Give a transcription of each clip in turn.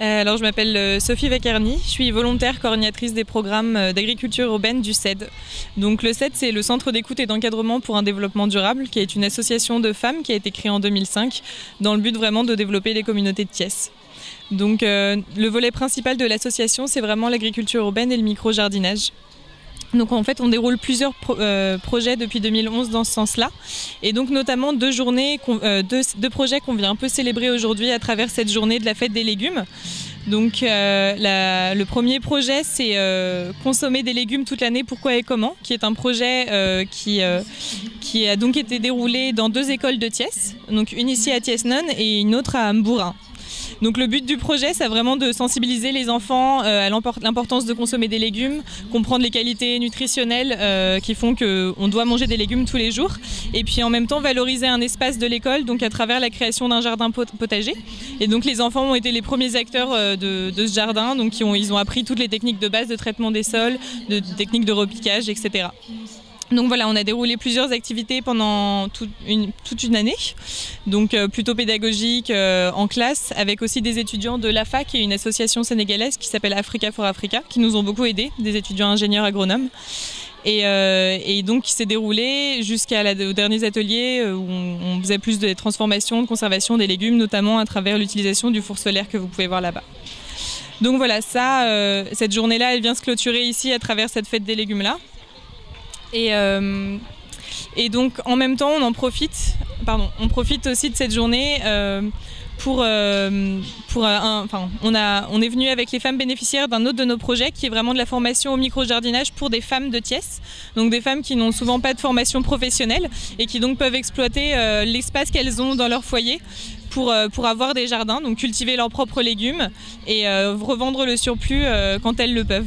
Euh, alors, je m'appelle euh, Sophie Vacarni, je suis volontaire coordinatrice des programmes euh, d'agriculture urbaine du CED. Donc, le CED, c'est le Centre d'écoute et d'encadrement pour un développement durable, qui est une association de femmes qui a été créée en 2005 dans le but vraiment de développer les communautés de Thiès. Donc, euh, le volet principal de l'association, c'est vraiment l'agriculture urbaine et le micro Donc en fait, on déroule plusieurs pro euh, projets depuis 2011 dans ce sens-là. Et donc notamment deux journées, euh, deux, deux, projets qu'on vient un peu célébrer aujourd'hui à travers cette journée de la fête des légumes. Donc euh, le premier projet, c'est euh, consommer des légumes toute l'année, pourquoi et comment, qui est un projet euh, qui, euh, qui a donc été déroulé dans deux écoles de Thiès, donc une ici à Thiès-Nonne et une autre à Ambourin. Donc le but du projet, c'est vraiment de sensibiliser les enfants euh, à l'importance de consommer des légumes, comprendre les qualités nutritionnelles euh, qui font qu'on doit manger des légumes tous les jours, et puis en même temps valoriser un espace de l'école, à travers la création d'un jardin potager. Et donc les enfants ont été les premiers acteurs euh, de, ce jardin, ils ont, appris toutes les techniques de base de traitement des sols, de, techniques de repiquage, Donc voilà, on a déroulé plusieurs activités pendant toute une année, donc euh, plutôt pédagogique euh, en classe, avec aussi des étudiants de la fac et une association sénégalaise qui s'appelle Africa for Africa, qui nous ont beaucoup aidés, des étudiants ingénieurs agronomes. Et, euh, donc qui s'est déroulé jusqu'aux derniers ateliers où on, on, faisait plus de transformation, de conservation des légumes, notamment à travers l'utilisation du four solaire que vous pouvez voir Euh, et, donc en même temps, on en profite, pardon, on aussi de cette journée euh, pour, euh, pour euh, un, enfin, on, a, on est venu avec les femmes bénéficiaires d'un autre de nos projets qui est vraiment de la formation au micro pour des femmes de Thiès, donc des femmes qui n'ont souvent pas de formation professionnelle et qui donc peuvent exploiter l'espace qu'elles ont dans leur foyer pour, avoir des jardins, donc cultiver leurs propres légumes et revendre le surplus quand elles le peuvent.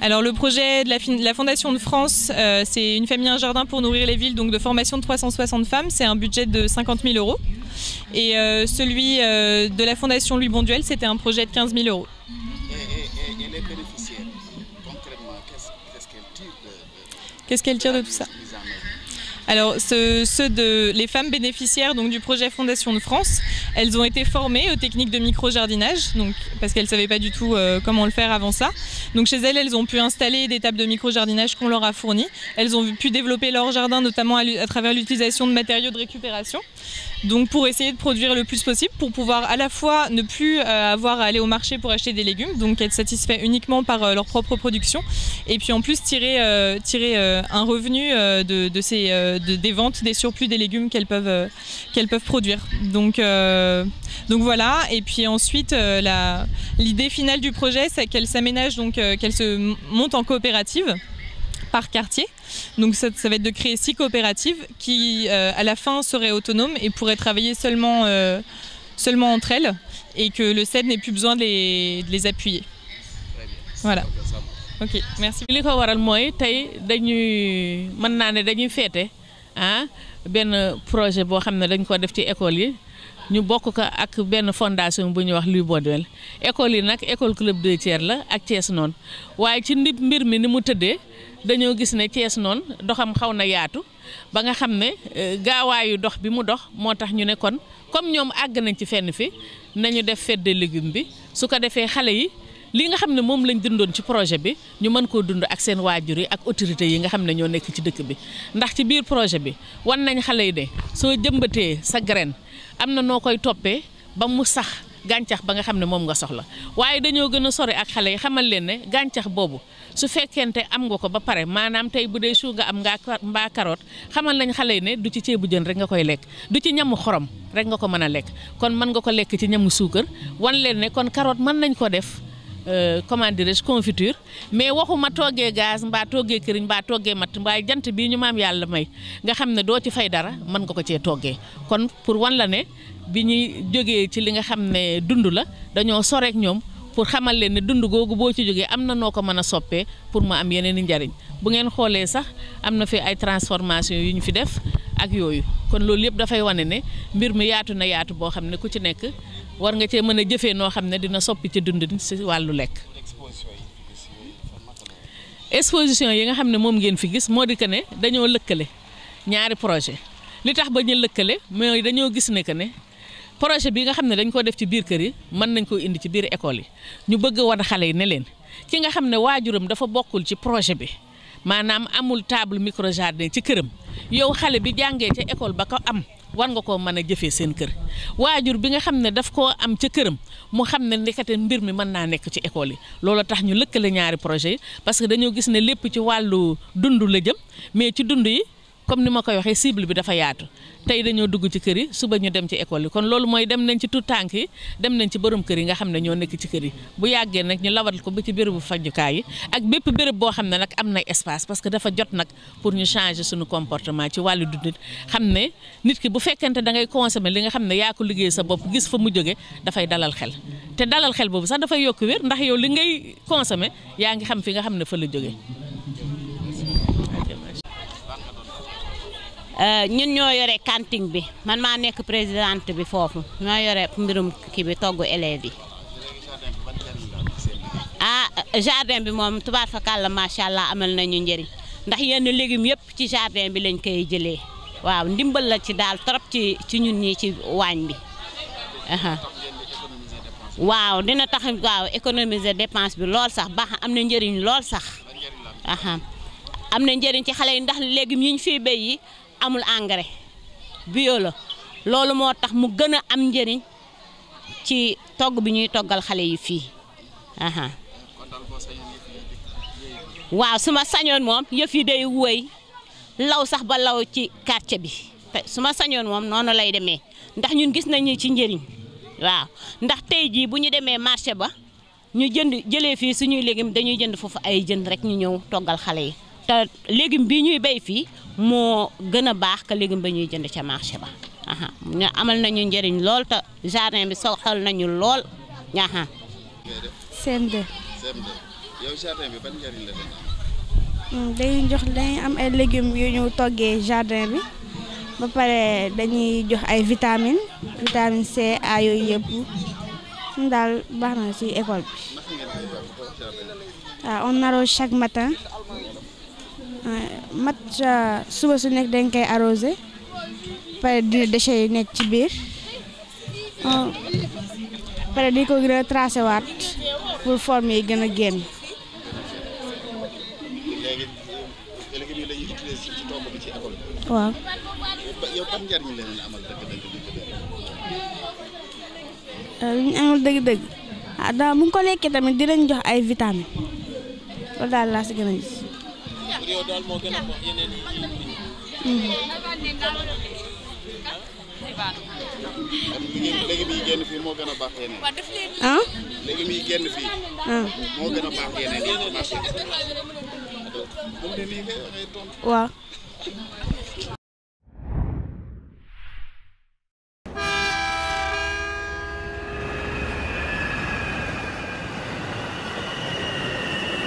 Alors le projet de la, la Fondation de France, euh, c'est une famille, un jardin pour nourrir les villes, donc de formation de femmes, c'est un budget de euros. Et euh, celui euh, de la Fondation Louis Bonduel, c'était un projet de euros. qu'est-ce qu'elles qu de tout ça Alors, ce, ceux de, les femmes bénéficiaires du projet Fondation de France, elles ont été formées aux techniques de micro parce qu'elles ne savaient pas du tout euh, comment le faire avant ça. Donc, chez elles, ont pu installer des tables de micro-jardinage qu'on leur a fournies. Elles ont pu développer leur jardin, notamment à, à travers l'utilisation de matériaux de récupération. Donc pour essayer de produire le plus possible, pour pouvoir à la fois ne plus euh, avoir à aller au marché pour acheter des légumes, donc être satisfait uniquement par euh, leur propre production, et puis en plus tirer, euh, tirer euh, un revenu euh, de, de, ces, de, des ventes, des surplus des légumes qu'elles peuvent, qu'elles peuvent produire. Donc, donc voilà, et puis ensuite l'idée finale du projet, c'est qu'elles s'aménagent, donc qu'elles se montent en coopérative. par quartier. Donc ça, ça, va être de créer six coopératives qui, euh, à la fin, seraient autonomes et pourraient travailler seulement, euh, seulement entre elles et que le SED n'ait plus besoin de les, de les appuyer. Voilà. ok merci. li ko waral mooy tey dañuy mën naa ne dañuy féete ah benn projet boo xam ne dañ ko def ci école yi. ñu bokk ko ak benn fondation bu ñuy wax Louis Baudouin école yi nag école club de Thiers la ak Thiès noon waaye ci ndib mbir mi ni mu tëddee dañoo gis ne Thiès noon doxam xaw na yaatu ba nga xam ne euh, gaawaayu dox bi mu dox moo tax ñu ne kon comme ñoom àgg nañ ci fenn fi nañu def fête des bi su ko defee xale yi. lii nga xam ne moom lañ dundoon ci projet bi ñu mën koo dund ak seen waajur yi ak autorité yi nga xam ne ñoo nekk ci dëkk bi ndax ci biir projet bi wan nañ xale yi ne soo jëmbatee sa graine am na noo koy toppee ba mu sax gàncax ba nga xam ne moom nga soxla waaye dañoo gën a sori ak xale yi xamal leen ne gàncax boobu su fekkente am nga ko ba pare maanaam tey bu dee chou nga am ngaa mbaa xamal nañ xale yi ne du ci ceebu jën rek nga koy lekk du ci ñamu xorom rek nga ko mën a lekk kon mën nga ko lekk ci ñamu suukar wan leen ne kon carotte mën nañ ko def Euh, comment dirais-je confiture mais waxuma toggee gaz mbaa toggee këriñ mbaa toggee mat mbaa jant bii ñu maam yàlla may nga xam ne doo ci fay dara man nga ko cee toggee kon pour wan la ne bi ñuy jógee ci li nga xam ne dund la dañoo soreek ñoom pour xamal leen ne dund googu boo ci jógee am na noo ko mën a soppee pour mu am yeneen i njariñ bu ngeen xoolee sax am na fi ay transformation yu ñu fi def ak yooyu kon loolu yëpp dafay wane ne mbir mi yaatu na yaatu boo xam ne ku ci nekk war nga cee mën a jëfee noo xam ne dina soppi ci dundin si wàllu lekk exposition yi nga xam ne moom ngeen fi gis moo di que ne dañoo lëkkale ñaari projet li tax ba ñu lëkkale mooy dañoo gis ne que ne projet bi nga xam ne dañ ko def ci biir kër yi mën nañ koo indi ci biir école yi ñu bëgg wan xale yi ne leen ki nga xam ne waajuram dafa bokkul ci projet bi maanaam amul table micro jardin ci këram yow xale bi jàngee ca école ba ko am war nga koo mën a jëfee seen kër waajur bi nga xam ne daf koo am ca këram mu xam ne ndekete mbir mi mën naa nekk ci école yi loolu tax ñu lëkkale ñaari projet yi parce que dañoo gis ne lépp ci wàllu dund la jëm mais ci dund yi comme ni ma koy waxee cible bi dafa yaatu tey dañoo dugg ci kër yi suba ñu dem ci école yi kon loolu mooy dem nañ ci tout tànk yi dem nañ ci borom kër yi nga xam ne ñoo nekk ci kër yi bu yàggee nag ñu lawal ko ba ci bérébu fajukaay yi ak bépp béréb boo xam ne nag am na espace parce que dafa jot nag pour ñu changer suñu comportement ci wàllu dundit xam ne nit ki bu fekkente da ngay consommer li nga xam ne yaa ko liggéey sa bopp gis fa mu jóge dafay dalal xel te dalal xel boobu sax dafay yokk wér ndax yow li ngay consommer yaa ngi xam fi nga xam ne fa la jóge Euh, ñun ñoo yore cantine bi man maa nekk présidente bi foofu ñoo yore mbirum kii bi togg élèves ah jardin bi moom tubaar fakal kalla macha allah amal ñu njariñ ndax yenn légumes yëpp ci jardin bi lañ koy jëlee waaw ndimbal la ci daal trop ci ci ñun ñi ci waañ bi waaw dina tax waaw économiser dépense bi lool sax baax am na njariñ lool sax am na njëriñ ci xale ndax légumes yi ñu fiy béy amul engrais bio la loolu moo tax mu gën a am njëriñ ci togg bi ñuy toggal xale yi fii aha waaw su ma sañoon moom yëf yi day wéy law sax ba law ci quartier bi su ma sañoon moom noonu lay demee ndax ñun gis nañu ci njëriñ waaw ndax tey jii bu ñu demee marché ba ñu jënd jëlee fii suñuy légumes dañuy jënd foofu ay jënd rek ñu ñëw toggal xale yi te légume bi ñuy béy fii moo gën a baax que légume ba ñuy jënd ca marché ba ñu amal nañu njariñ lool te jardin bi soxal nañu lool ñaaxaan. cm dañuy jox dañuy am ay légumes yu ñu toggee jardin bi ba pare dañuy jox ay vitamines vitamine C A yooyu yëpp daal baax na ci école bi. waaw ah, on arrose chaque matin. match euh, suba su nekk dañ koy arrosé pare dina déchets yi nekk ci biir oh. pare di ko gën a waat pour forme yi gën a génn. waaw. li euh, ñu amul dëgg-dëgg ah daa bu ñu ko lekkee tamit dinañ jox ay vitamines loolu daal laa si gën a pour daal moo gën a baax yeneen yi. génn fii moo gën a baax yeneen. ah. légumes génn fii. ah waaw.